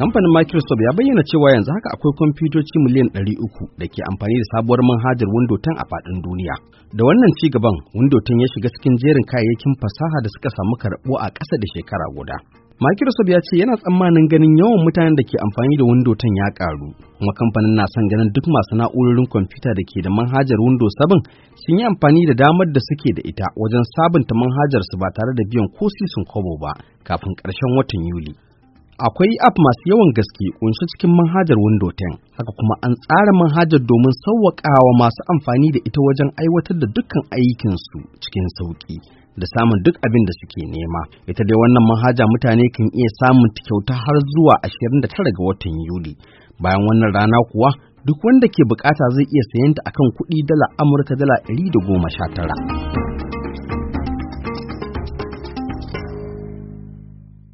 Kamfanin Microsoft ya bayyana cewa yanzu haka akwai kwamfutoci miliyan 300 da ke amfani da sabuwar manhajar Windows 10 a faɗin duniya. Da wannan ci gaban, Windows 10 ya shiga cikin jerin kayayyakin fasaha da suka samu karɓuwa a ƙasa da shekara guda. Microsoft ya ce yana tsammanin ganin yawan mutanen da ke amfani da Windows 10 ya ƙaru, kuma kamfanin na son ganin duk masu na'urorin kwamfuta da ke da manhajar Windows 7 sun yi amfani da damar da suke da ita wajen sabunta manhajar su ba tare da biyan ko sisin kobo ba kafin ƙarshen watan Yuli. akwai app masu yawan gaske kunshi cikin manhajar window 10 haka kuma an tsara manhajar domin sauwaƙawa masu amfani da ita wajen aiwatar da dukkan aikinsu cikin sauƙi da samun duk abin da suke nema ita dai wannan manhaja mutane kan iya samun kyauta har zuwa 29 ga watan yuli bayan wannan rana kuwa duk wanda ke bukata zai iya sayanta akan kuɗi dala amurka dala 119